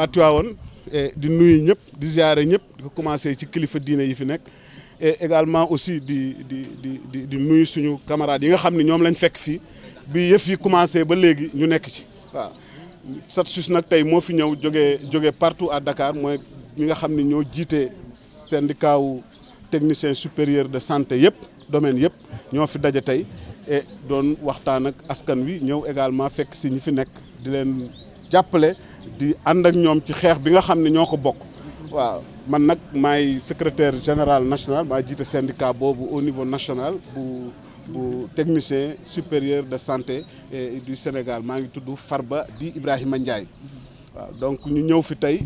at Tiwaawan eh, di nuyu ñëpp di ziare ñëpp di ko commencé ci kilifa diine yi fi nekk et également aussi di di di di di nuyu suñu camarades yi nga xam ne ñoom lañ fekk fii bi yëf yi commencé ba léegi ñu nekk ci waaw SatSUS nag tey moo fi ñëw joge jógee partout à Dakar mooy ñi nga xam ne ñoo jiite syndicat wu technicien supérieur de santé yëpp domaine yëpp ñoo fi daje tey et doon waxtaan ak askan wi ñëw également fekk si ñi fi nekk di leen jàppale di ànd ak ñoom ci xeex bi nga xam ne ñoo ko bokk. waaw man nag maay secretaire général national maa jiite syndicat boobu au niveau national bu bu technicien supérieur de santé du Sénégal maa ngi tudd far ba di Ibrahima Ndiaye. waaw donc ñu ñëw fi tey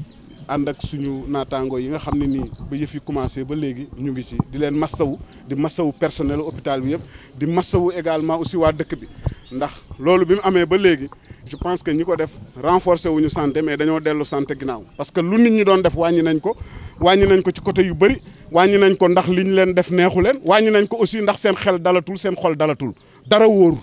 ànd ak suñu naataango yi nga xam ne nii ba yëf yi commencé ba léegi ñu ngi ci di leen mastawu di mastawu personnel hôpital bi yëpp di mastawu également aussi waa dëkk bi. ndax loolu bi mu amee ba léegi je pense que ñi ko def renforcer wuñu santé mais dañoo dellu santé ginnaaw parce que lu nit ñi doon def wàññi nañ ko wàññi nañ ko ci côté yu bëri wàññi nañ ko ndax liñ leen def neexu leen wàññi nañ ko aussi ndax seen xel dalatul seen xol dalatul dara wóor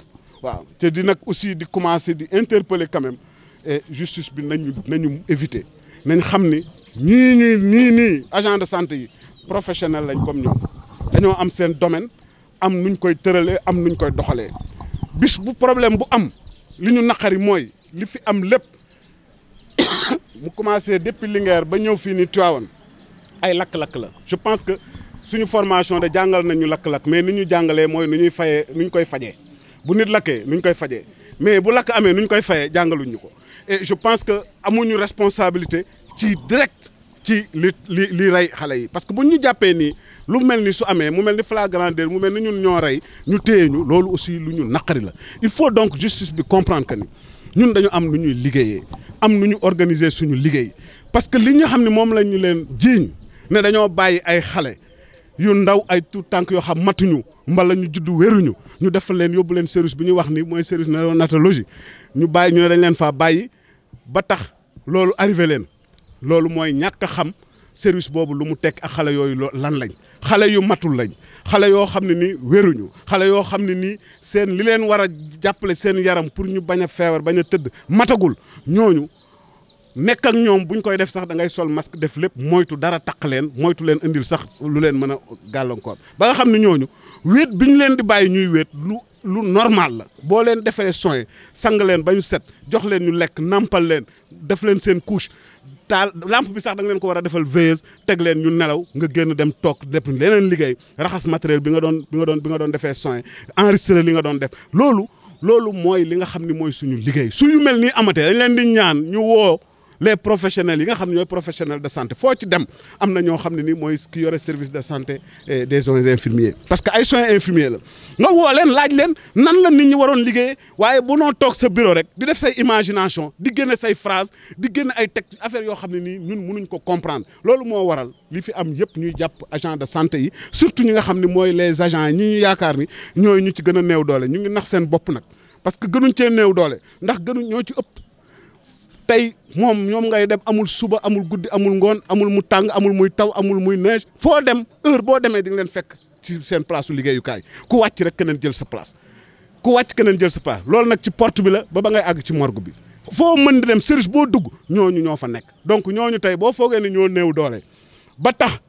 waaw te di nag aussi di commencer di interpeller quand même et justice bi nañu nañu éviter nañ xam ni ñii ñuy ñii nii agent de santé yi professionnel lañ comme ñoom dañoo am seen domaine am nuñ koy tëralee am nuñ koy doxalee bis bu problème bu am li ñu naqari mooy li fi am lépp mu commencé depuis Linguère ba ñëw fii ni Tivaouane ay lakk-lakk la je pense que suñu formation de jàngal nañu lakk-lakk mais ni ñu jàngalee mooy nu ñuy fayee nu ñu koy fajee bu nit lakkee nu ñu koy fajee mais bu lakk amee nu ñu koy fayee jàngaluñ ñu ko et je pense que amuñu responsabilité ci direct ci li li li rey xale yi parce que bu ñu jàppee nii lu mel ni su amee mu mel ni flagrant délit mu mel ni ñun ñoo rey ñu téye ñu loolu aussi lu ñu naqari la il faut donc justice bi comprendre que ni ñun dañu am lu ñuy liggéeyee am nu ñu organiser suñu liggéey parce que li ñu xam ne moom la ñu leen jiiñ ne dañoo bàyyi ay xale yu ndaw ay tout tànk yoo xam matuñu mbala ñu juddu wéruñu ñu defal leen yóbbu leen service bi ñuy wax ni mooy service néonatologie ñu bàyyi ñu ne dañ leen faa bàyyi ba tax loolu arrivé leen loolu mooy ñàkk xam service boobu lu mu teg ak xale yooyu lan lañ xale yu matul lañ xale yoo xam ne nii wéruñu xale yoo xam ne nii seen li leen war a jàppale seen yaram pour ñu bañ a feebar bañ a tëdd matagul ñooñu nekk ñoom bu ñu koy def sax da ngay sol masque def lépp moytu dara taq leen moytu leen indil sax lu leen mën a gàllankoor ba nga xam ne ñooñu wéet bi ñu leen di bàyyi ñuy wéet lu normal la boo leen defaree soin sang leen ba ñu set jox leen ñu lekk nampal leen def leen seen couche taal lampe bi sax da nga leen ko war a defal veilleuse teg leen ñu nelaw nga génn dem toog def leneen liggéey raxas matériel bi nga doon bi nga doon bi nga doon defee soin enregistré li nga doon def loolu loolu mooy li nga xam ni mooy suñu liggéey suñu mel ni amatee dañ leen di ñaan ñu woo les professionnels yi nga xam ne ñooy professionnels de santé foo ci dem am na ñoo xam ne ni mooy ki yore service de santé des soins infirmiers parce que ay soins infirmiers la nga woo leen laaj leen nan la nit ñu waroon liggéeyee waaye bu noo toog sa bureau rek di def say imagination di génne say phrase di génne ay texte affaire yoo xam ne nii ñun mënuñ ko comprendre loolu moo waral li fi am yëpp ñuy jàpp agent de santé yi surtout ñi nga xam ne mooy les agents ñi ñu yaakaar ni ñooy ñu ci gën a néew doole ñu ngi nax seen bopp nag parce que gënuñ cee néew doole ndax gënuñ ñoo ci ëpp tey moom ñoom ngay dem amul suba amul guddi amul ngoon amul mu tàng amul muy taw amul muy neige foo dem heure boo demee di nga leen fekk seen place su liggéeyukaay ku wàcc rek keneen jël sa place ku wàcc keneen jël sa place loolu nag ci porte bi la ba ba ngay àgg ci morgue bi foo mën di dem service boo dugg ñooñu ñoo fa nekk donc ñooñu tey boo foogee ne ñoo néew doole ba tax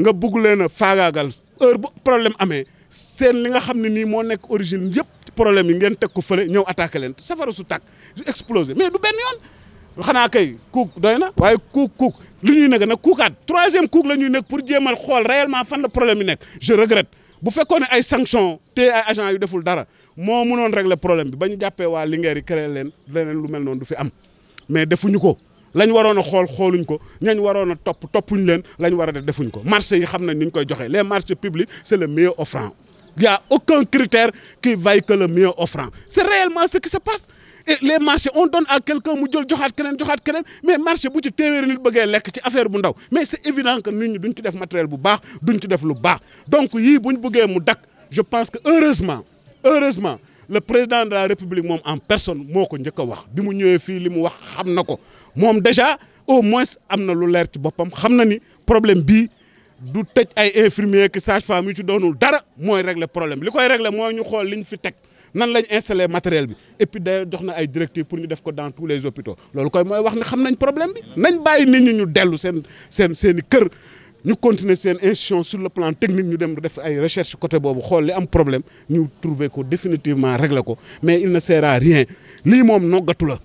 nga bugg leen a faagaagal heure bu problème amee seen li nga xam ne nii moo nekk origine yëpp problème yi ngeen teg ko fële ñëw attaqué leen safara su tàkk xanaa kay kuuk doy na waaye kuuk kuuk li ñuy nekk nag kuukaat troisième kuuk la ñuy nekk pour jéem xool réellement fan la problème bi nekk je regrette bu fekkoon ay sanction te ay yu deful dara moo mënoon régler problème bi ba ñu jàppee waa Linguère yi créé leen leneen lu mel noonu du fi am mais defuñu ko lañ waroon a xool xooluñ ko ñañ waroon a topp toppuñ leen lañu war a def defuñ ko marché yi xam na ni ñu koy joxe les marchés publics c' est le meilleur offrant il y a aucun critère qui vaille que le les marchés on donne à quelqu'un mu jël joxaat keneen joxaat keneen mais marché bu ci téeméeri nit bëggee lekk ci affaire bu ndaw mais c'est évident que nit ñi duñ ci def matériel bu baax duñ ci def lu baax donc yii buñ bëggee mu dakk je pense que heureusement heureusement le président de la république moom en personne moo ko njëkk a wax bi mu ñëwee fii li mu wax xam na ko moom déjà au moins am na lu leer ci boppam xam na ni problème bi du tëj ay infirmier ki sage-femme yu ci doonul mooy régler problème bi li koy régler mooy ñu xool li ñu fi teg nan lañ installé matériel bi et puis day jox na ay directives pour ñu def ko dans tous les hôpitaux loolu koy mooy wax ne xam nañ problème bi nañ bàyyi nit ñi ñu dellu seen seen seen kër ñu continuer seen institution sur le plan technique ñu dem def ay recherche côté boobu xool li am problème ñu trouver ko définitivement régler ko mais il ne sert rien lii moom noggatu la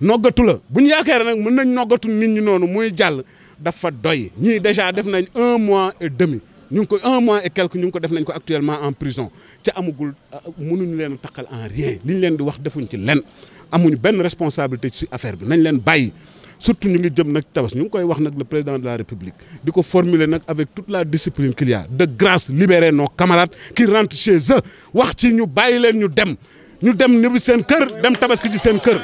noggatu la bu ñu yaakaar nag mën nañ noggatu nit ñi noonu muy jàll dafa doy ñii déjà def nañ un mois et demi ñu ngi ko un mois et quelque ñu ngi ko def nañ ko actuellement en prison ca amagul euh, munuñu leen taqal en rien li ñu leen di wax defuñ ci lenn amuñu benn responsabilité ci affaire bi nañ leen bàyyi surtout ñu ngi jëm nag tabas ñu ngi koy wax nag le président de la république di ko formuler nag avec toute la discipline qu'il de grace libérer nos camarades qui rentrent chez wax ci ñu bàyyi leen ñu dem ñu dem ñibbi seen kër dem tabaski ci seen kër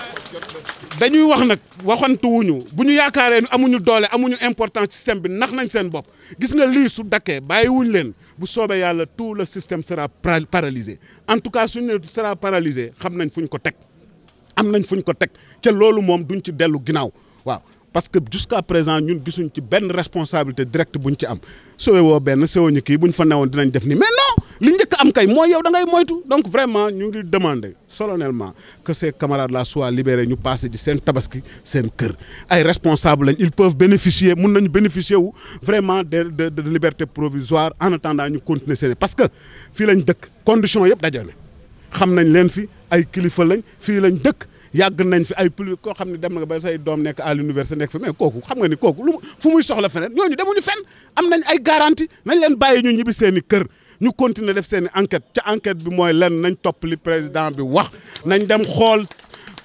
dañuy wax nag waxantuwuñu bu ñu yaakaaree ne amuñu doole amuñu importance système bi nax nañ seen bopp gis nga lii su dakkee bàyyiwuñ leen bu soobee yàlla tout le système sera paralysé en tout cas suñu ne sera paralysé xam nañ fu ñu ko teg am nañ fuñ ko teg ca loolu moom duñ ci dellu ginnaaw waaw parce que jusqu'à présent ñun gisuñ ci benn responsabilité directe buñ ci am sowee woo benn sowee ñu kii buñ fa newoon dinañ def ni mais li njëkk am kay mooy yow dangay ngay moytu donc vraiment ñu ngi demander solennellement que ces camarades là soient libérés ñu passé ci seen tabaski seen kër ay responsables lañ ils peuvent bénéficier mun nañu bénéficier wu vraiment de de de liberté provisoire en attendant ñu continuer seen parce que fii lañ dëkk condition yëpp dajale xam nañ leen fi ay kilifa lañ fii lañ dëkk. yàgg nañ fi ay plus koo xam ne dem nga ba say doom nekk à l'université nekk fi kooku xam nga ni kooku lu fu muy soxla feneen ñooñu demuñu fenn am nañ ay garantie nañ leen bàyyi ñu ñibbi seen i kër ñu continuer def seen enquête ca enquête bi mooy lan nañ topp li président bi wax nañ dem xool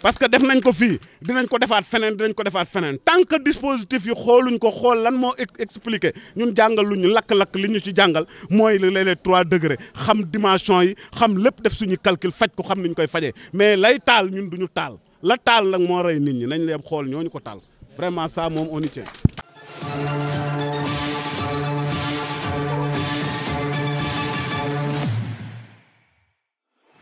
parce que def nañ ko fii dinañ ko defaat feneen dinañ ko defaat feneen tant que dispositif yi xooluñ ko xool lan moo expliqué ñun jàngal lu ñu lakk-lakk li ñu ci jàngal mooy les trois degrés xam dimension yi xam lépp def suñu calcul faj ko xam ni koy fajee mais lay taal ñun duñu taal la taal lag moo rey nit ñi nañ leen xool ñooñu ko taal vraiment sa moom on y